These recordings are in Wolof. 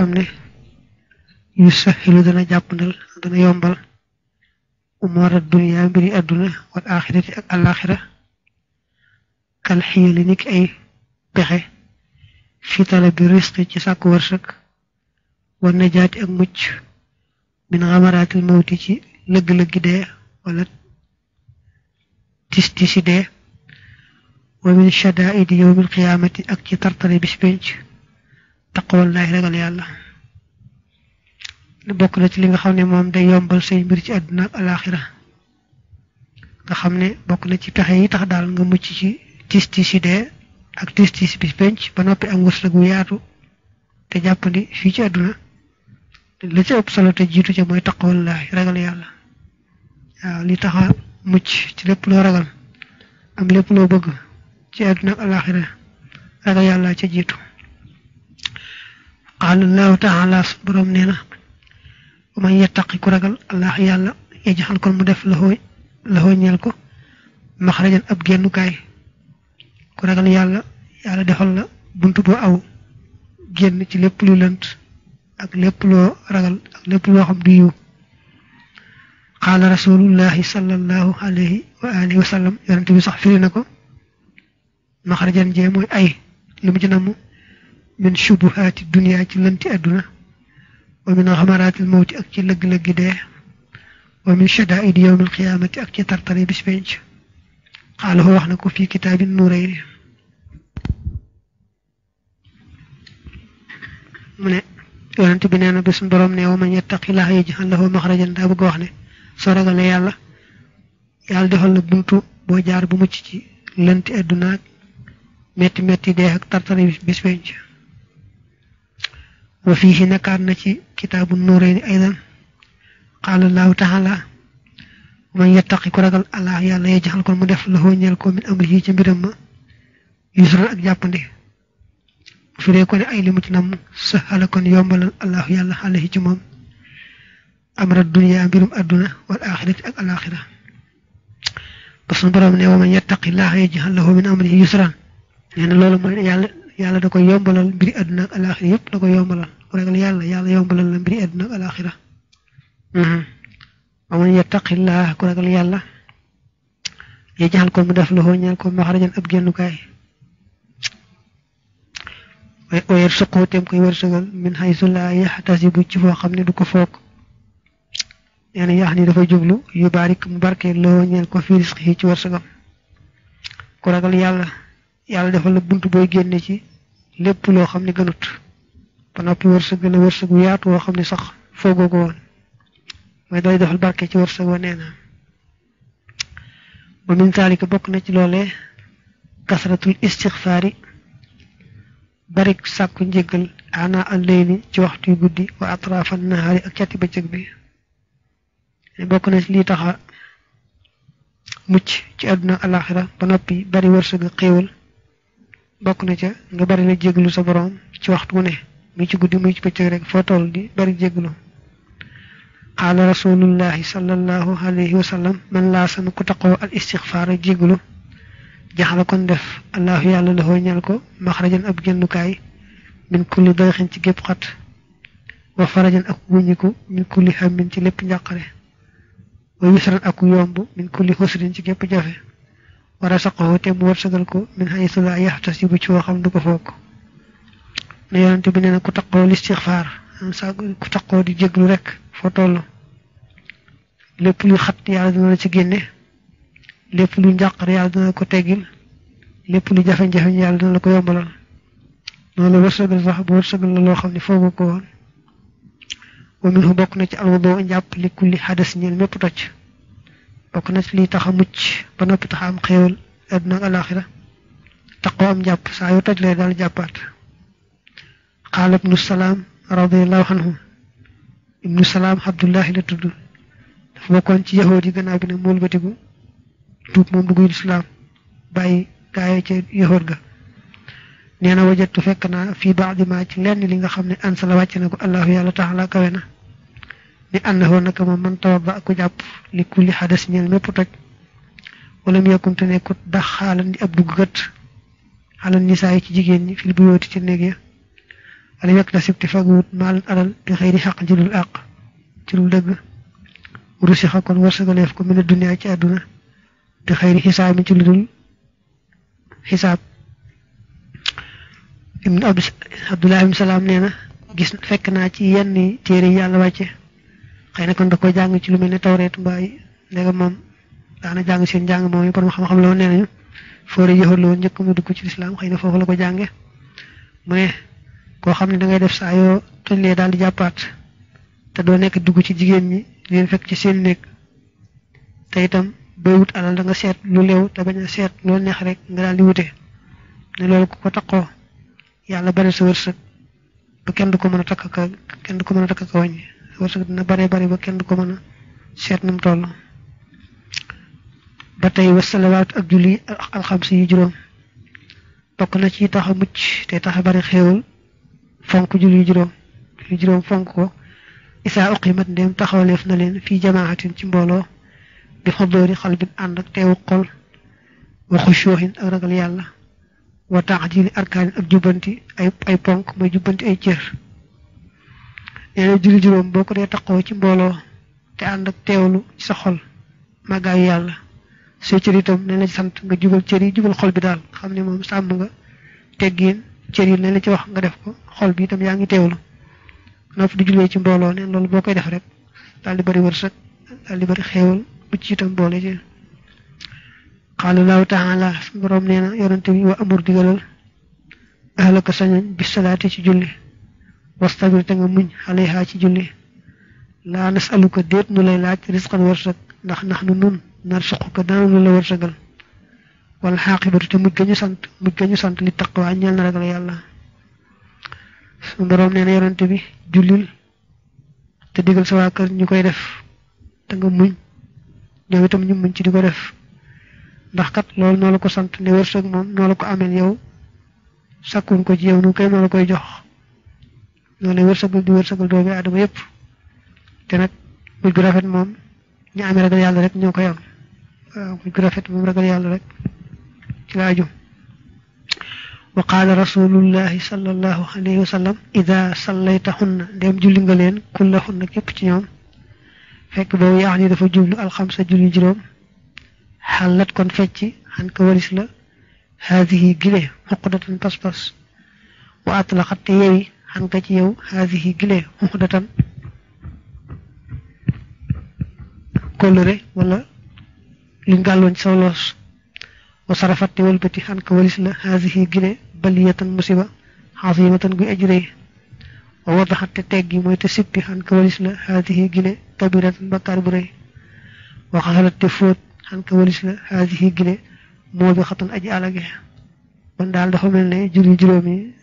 xam ne yu saxilu dana jàppandal dana yombal umara dunya mbiri àdduna wal axirati ak alaxira kal xiyali ay pexe fi talabi risqi ci sàkku wërsëg war na jaati ak mucc min xamaraatil mawti ci lëgg-lëggi dee wala tis tisi wa min shadaidi yowmil ak ci tartale bis penc lahi ragal yalla lu bokku na ci li nga xamne mom day yombal sey mbir ci aduna ak alakhirah nga xamne bokku na ci pexe yi tax dal nga mucc ci tisti si ak tisti si bis penc ba nopi am wursu gu yaatu te ni fi ci aduna la ci ëpp solo te ci moy mooy lahi ragal yalla waaw li taxa mucc ci lepp lo ragal am lepp lo bëgg ci aduna ak alakhirah ragal yalla ci jitu qaala allahu taala su borom nee na wa man yattaqi ku ragal allah yàlla yajxal kon mu def laxoo laxoo ñeel ko maxrajan ab génnukaay ku ragal yàlla yàlla defal la bunt boo aw génn ci lépp lu lënt ak lépp loo ragal ak lépp loo xam du yiw qaala rasulullahi sallallahu alayhi wa alihi wa sallam yonente bi sax firi na ko maxrajan jee mooy ay li mu ci namm من شبهات الدنيا كلنتي أدنى ومن غمرات الموت أكي لق لق ومن شدائد يوم القيامة أكي ترطري بسبينش قال هو أحنك في كتاب النورين من يونت بنانا بسم برمنا ومن يتق الله يجعل له مخرجا دابو غوحنا سورغ الله يالا يال دخل بنتو بوجار بمچي لنت ادناك متي متي ديه ترطري بسبينش بس وفيه نكار نتي كتاب النورين أيضا قال الله تعالى ومن يتقي كرغل الله يالا يجعل كل مدف له نيال كو من امره جمبرم مبيرم يسر اك جابندي فري كون اي لمت نام سهل كون يومال الله يالا عليه تي امر الدنيا مبيرم ادنا والاخره اك الاخره بس برام ني ومن يتقي الله يجعل له من امره يسرا يعني لولو موي يالا yàlla da ko yombalal mbiri àdduna ak alaxira yépp da ko yombalal ragal yàlla yàlla yombalal la mbiri àdduna ak alaxira mhm. amun yattaqillah ku ragal yàlla ya jaxal ko mu def loxo ñaan ko maxarajan ab gennukaay wa yarsuqu tem koy wërsegal min haythu la yahtasibu ci foo xam ne du ko foog yani yax ni dafa jublu yu barik mu barke lo ñaan ko fi risqi ci wërsegam ku ragal yalla yalla defal la buntu boy génne ci lépp lo xamni gënut ba nopi wërsëg gëna wërsëg gu yaatu woo xamni sax fogo go won may day doxal barke ci wërsëg wa neena na wa min zaalika bokk na ci lolé kasratul istixfaari barik sàkku jéggal ana alayni ci waxtu yu guddi wa atrafan nahari ak cati bëccëg bi bokk na ci li taxa mucc ci àdduna alaxira ba nopi bari gu xewul bokk na ca nga bari la jéglu sa borom ci waxtu wu ne muy ci guddi muy ci bëccëg rek foo toll di bari jéglu qaala rasulullahi sallallahu alayhi wa man laa sama ko taqoo al istixfaara jéglu jaxala kon def allahu yàlla la ñal ko maxrajan ab génnukaay min kulli dayxin ci gépp xat wa farajan ak wuññiku min kulli hammin ci lépp njàqare wa yusran ak yomb min kulli xusrin ci gépp jafe wa rasaqahu te mu wërsëgal ko min haythu la bu ci woo xam du ko foog ne yonent bi nee na ku taqoo listixfaar saa ku taqoo di jéglu rek foo toll lépp lu xat yàlla dina la ci génne lépp lu njàqar yàlla dina la ko teggil lépp lu jafe-jafe yàlla dina la ko yombalal noonu la wërsëgal sax bu wërsëgal la loo xam ne foogu ko woon wa minhu bokk na ci alwudu njàpp li kulli hadas ñeel mépp toj bokk na ci li tax a ba noppi tax a am xéewal àdduna alaaxira taqoo am jàpp saa yu toj lee daal jàppaat qaala ibnu salaam radiallahu anhu ibnu salaam abdullahi la tudd dafa bokkoon ci yahood yi gannaaw bi nag mool batiku tuub moom dugguy lislaam bàyyi gaayee ca yahood ga nee na fekk naa fii baax di ci lenn li nga xam ne ansala wàcc na ko allahu yàlla taala kawe na ni annahu naka ma man tawba ko japp li kulli hadas ñal mepp toj wala mi yakum tane ku dakhalan di ab duggat halan nisaay ci jigen ni fil buyoti ci neeg ya ala yak nasib te mal alal bi khayri haq jilul aq ci lu deug rusi xakon warsagalef ko min dunya ci aduna bi khayri hisab ci lu hisab ibn abdullah ibn salam neena ya, gis fekk na ci yenn ya, téré yalla wacce xëy na kon da koy jàng ci lu mel ni ne tawreet mbaay ndegam moom daana jàng seen jàng moom yi ma xam-xam la woon nee nañu foo jëfal la woon njëkk mu dugg ci lislaam xëy na foofu la ko jànge mu ne koo xam ne da ngay def saa yoo tojlee daal di jàppaat te doo nekk dugg ci jigéen ñi leen fekk ci seen néeg te itam booy da nga seet lu leew te bañ a seet loolu neex rek nga daal di wute ne loolu ku ko takkoo yàlla bari sa wërsëg ba kenn du ko mën a takk ka kenn du mën a takk ka wàññi wërsëg dina bare bare ba kenn du ko mën a seet nam toll ba tey wasalawaat ak julli alxamsi yu juróom bokk na ci tax a mucc te tax a bari xéewal fonk julli juróom julli juróom fonk ko isaa uqimat ndéem taxawleef na leen fii jamaaxatin ci mbooloo bi xoddoori xalbin ànd ak teewu xol waxu shooxin ak ragal yàlla wa taajili arkaanin ak jubbanti ay ay ponk mooy jubbanti ay cër neena ya, julli juróom boko re dee ci mbolo te and ak tewlu ci sa xol màggaayu yalla so ci ritam nee na ci sant nga jugal cër yi jugal xol bi dal xamni mom sam nga teggin cër yi nee ci wax nga def ko xol bi tam yaangi tewlu nopp di jullee ci mbolo ne lolu bokay def rek dal di bari wërsëg dal di bari xéewal bu ci tam bolé ci qala la ta'ala borom neena yonante bi wa amur digalal ahlaka sañu bi salati ci julli wastabir te nga muñ alayha ci julli la nas'aluka deet nu lay laaj rizqan warshak ndax nahnu nun narsuquka daanu la warsagal wal haqibatu te mujj sant mujj ñu sant li taqwa ñal na ragal yalla sun borom neena yonante bi julil te digal sa waa kër ñu koy def te nga muñ ñoom itam ñu muñ ci di ko def ndax kat loolu noo la ko sant ne wërsëg moom noo la ko amel yow sakkuñ ko ci yow nu koy noo la koy jox yone wërsegal di wërsegal doomi adama yépp té nak bu gu rafet mom ñu amé ragal yalla rek ñoko yam bu gu rafet mom ragal yalla rek ci laaju وقال رسول الله صلى الله عليه وسلم إذا صليتهن دم جلنجلين كلهن كيف تنيوم فك بو يعني دفو جبل الخمسة جلن جروم حلت كون فتشي عن كوريس هذه جلة مقدة بس بس وأطلقت يوي xanqa ci yow xaasihi gile muxdatan kóllëre wala luñ gàlloon ci saw loos wa sarafat te walbati xanqa walis la xaasihi gile baliyatan musiba xaasimatan guy aj rëy wa wadaxat te teggi mooy te sippi xanqa walis la xaasihi gile kabiratan bakkaar bu rëy wa xasalat te fóot xanqa walis la xaasihi gile moo bi xatan aji alage kon daal ne jur yi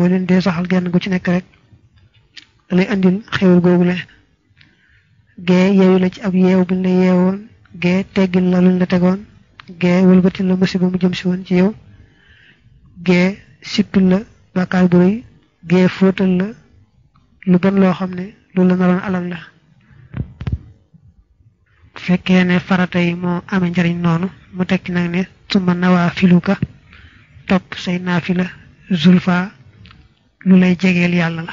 boo leen dee saxal genn gu ci nekk rek da lay andil xéwal googu la gee yeewu la ci ab yeew buñ la yeewoon gee teggil la luñ la tegoon gee wëlbatil la musiba mu jëm si woon ci yow gee sippil la bàkkaar bu rëy gee fóotal la lu bon loo xam ne lu la naroon alal la fekkee ne farata yi moo amee njariñ noonu mu tekki nag ne suma nawaa filuka topp say naafila zulfa lu lay jegeel yàlla la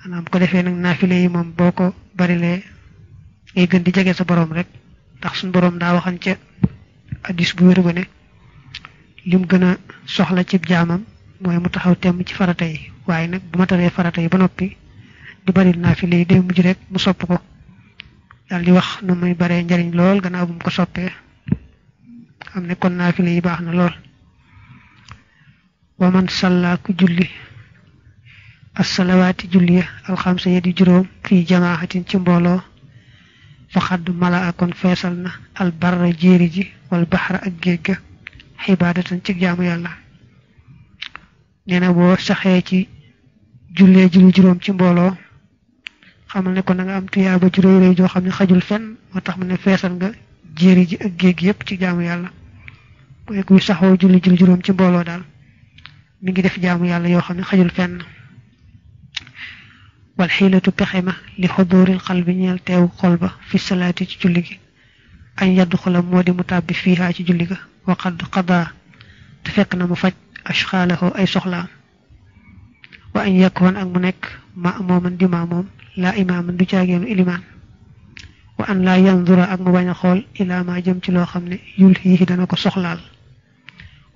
maanaam ko defee nag naafile yi moom boo ko barilee ngay gën di jege sa borom rek ndax sun borom daa waxan ca addis bu wéru ne lim gën a soxla ci jaamam mooy mu taxaw temm ci farata yi waaye nag bu ma taree farata yi ba noppi di bari naafile yi day mujj rek mu sopp ko dal di wax nu muy baree njariñ lool gannaaw bu mu ko soppee xam kon naafile yi baax lool wa salla ku julli as salawati julia al-khamsa di juroom fi jamaahatin ci mbolo fa xadd malaa kon feesal al barra jéeri wal baxra ak géej ibadatan ci jamu yalla neena bo saxé ci julé julli juróom ci mbolo xamal ne ko na nga am tuyaaba ci reey reey jo xamni xajul fen motax mu ne nga ak yep ci jaamu yalla bu saxo ci mbolo dal mi ngi def jaamu yalla yo xamni xajul fenn والحيلة بخيمة لحضور القلب نيالتاو قلبة في الصلاة تجلقي أن يدخل مودي متابي فيها تجلقي وقد قضى تفقنا مفج أشخاله أي سخلا وأن يكون أمنك مأموما دي لا إماما دي إلما وأن لا ينظر أمبان خول إلى ما جمت لو خمني يلهيه دانوك سخلال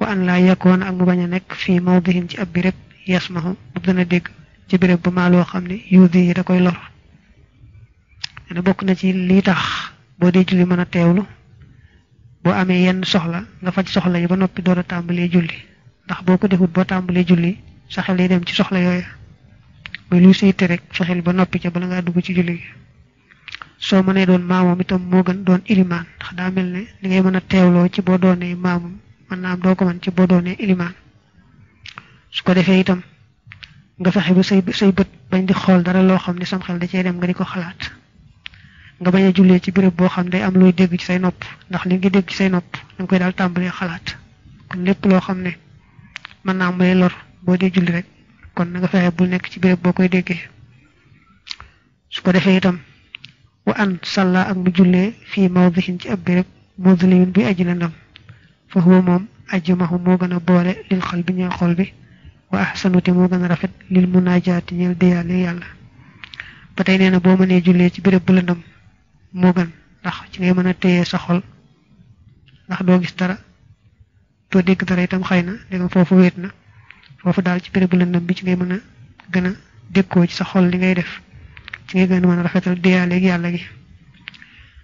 وأن لا يكون أمبان نك في موضه تأبرك يسمه بدنا ديك ci bërëb bu maa loo xam ne yuudi yi da koy lor ne bokk na ci li tax boo dee julli mën a teewlu boo amee yenn soxla nga faj soxla yi ba noppi door a tàmbalee julli ndax boo ko defut boo tàmbalee julli sa xel yi dem ci soxla yooya muy luy sayte rek fexel ba noppi ca bala ngaa dugg ci julli gi soo mënee doon maamam itam moo gën doon ilimaan ndax daa mel ne li ngay mën a teewloo ci boo doonee maamam mën naa am doo ko mën ci boo doonee ilimaan su ko defee itam nga fexe ba say say bët bañ di xool dara loo xam ne sam xel da cee dem nga di ko xalaat nga bañ a jullee ci béréb boo xam ne day am looy dégg ci say nopp ndax li nga dégg ci say nopp da nga koy daal tàmbalee xalaat kon lépp loo xam ne mën naa am lay lor boo dee julli rek kon na nga fexe bul nekk ci béréb boo koy déggee su ko defee itam wa an sàlla ak mu jullee fii mawdihin ci ab béréb mudlimin buy aji lëndam fa huwa moom ajmahu moo gën a boole lil xal bi wa ahsanu mo gëna rafet lil munajat ñeel deyale yalla patay neena bo mëne julé ci bërepp bu lëndëm mo gën ndax ci ngay mëna téyé sa xol ndax do gis dara to dégg dara itam xeyna dégg fofu wét fofu dal ci bërepp bu lëndëm bi ci ngay mëna gëna dékko ci sa xol li ngay def ci ngay gëna mëna rafetal deyale ak yalla gi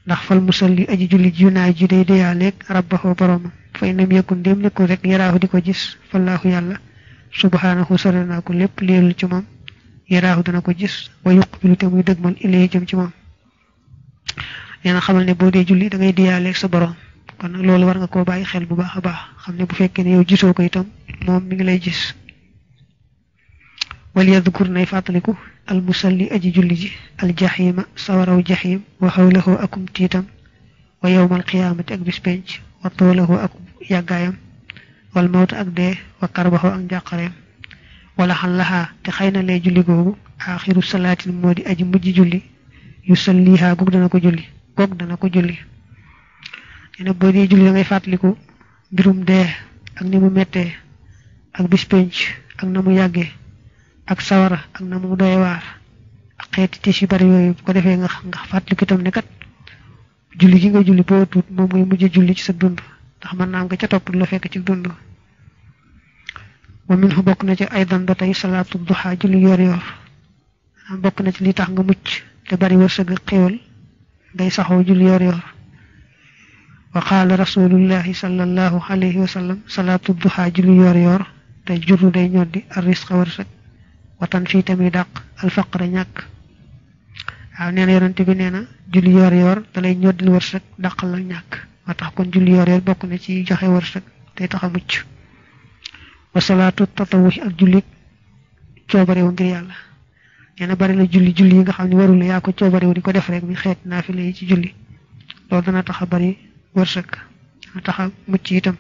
ndax fal musalli aji julli ji naa ji day ak rabbahu borom fa inam yakun dem ko rek yaraahu diko gis fallahu yalla subhanahu sore na ko lepp leelu ci mom yaraahu dana ko gis wa yuqbilu te muy degmal ilay jëm ci mom neena xamal ne bo de julli da ngay diyaale sa borom kon loolu war nga ko bàyyi xel bu baax a baax xam ne bu fekkee ne yow gisoo ko itam moom mi ngi lay gis wal yadkur nay fàttaliku al musalli aji julli ji al jahima sawaraw jahim wa xawlahu akum tiitam wa yowma alqiyaamati ak bis penc wa toolahu ak yàggaayam wal maut ak de wa karbahu ak jaqare wala halaha te xeyna lay julli gogu akhiru salaatin modi aji mujji julli yu salliha goog dana ko julli gog dana ko julli ene bo dee julli ngay fàttaliku birum de ak ni mu mettee ak bis ak namu yagge ak sawara ak namu doy war ak xeeti tis ci bari yoy ko defee nga nga fàttaliku tam ne kat julli gi nga julli bo tut moom ngay mujji julli ci sa dund ndax man na nga ca top lu fekk ci dundu wa min bokk na ci aydan ba tey salaatu duha julli yor yor bokk na ci li tax nga mucc te bari wërsëg xéwal ngay saxoo julli yor yor wa qaala rasulullahi sallallahu alayhi wa sallam salaatu duha julli yor yor te ñàkk waaw bi nee na julli yor yor da lay ñoddil wërsëg dàq la ñàkk moo tax kon julli yor yor bokk na ci joxe wërsëg te tax a mucc wa salaatu tatawuhi ak julli coobarewu ngir yàlla nee na bari la julli julli yi nga xam ne warul yaa ko coobarewu di ko def rek mi xeet naafile ci julli loolu dana tax a bari wërsëg dana tax a mucc itam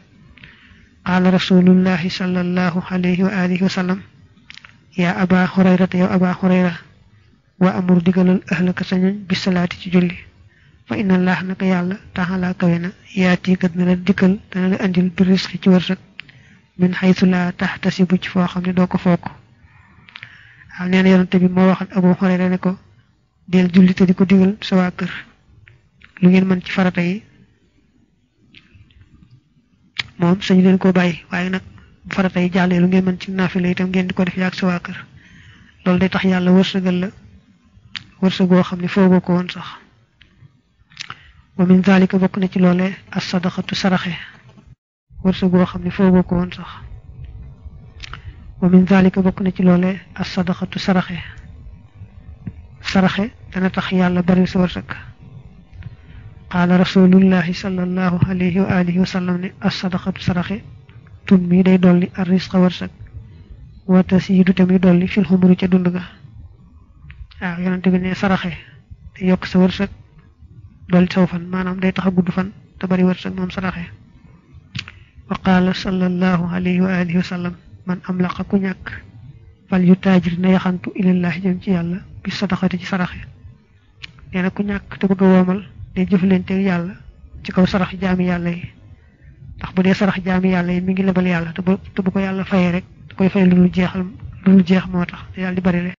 qaala rasulullahi sallallahu alayhi wa alihi wa sallam yaa aba ci julli fa inna allah naka yàlla taxalaa laa na yaati kat na la dikkal dana la andil bi risqi ci wërsëg min xaytu laa taxtasibu ci foo xam ne doo ko foog waaw nee na yonante bi moo waxal ne ko deel di ko digal mën ci farata moom sañu leen koo bàyyi waaye nag bu farata jàllee lu ngeen mën ci naafila itam ngeen di ko def yaag sa waa kër loolu day tax yàlla wërsëgal la wërsëgoo xam ne foogoo ko woon sax wa min zalika bokk na ci loole as sadaqatu saraxe ورشة بو خامني فو بوكو وون صاح ومن ذلك بوكو نتي لولاي الصدقه سرخه سرخه دا تخ يالا بري سو قال رسول الله صلى الله عليه واله وسلم الصدقه سرخه تمي داي دولي الرزق ورشك وتسيد تمي دولي في الخمر تي دوندغا اه يونتي بني سرخه يوك سو ورشك دولي توفن مانام داي تخا غودو فان تبري ورشك موم سرخه Wakala qala sallallahu alayhi wa man amlaqa ku ñak fal yutajir na yahantu ila allah jëm ci yalla bi Yana ci saraxe ya. neena ku ñak te bëgg womal ne jëflante ak yalla ci kaw sarax jaami yalla yi ndax bu dee sarax jaami yàlla yi mi ngi lebal yàlla te koy fay lu jeexal lu